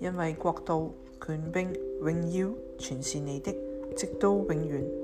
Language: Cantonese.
因為國度、權柄、榮耀，全是你的，直到永遠。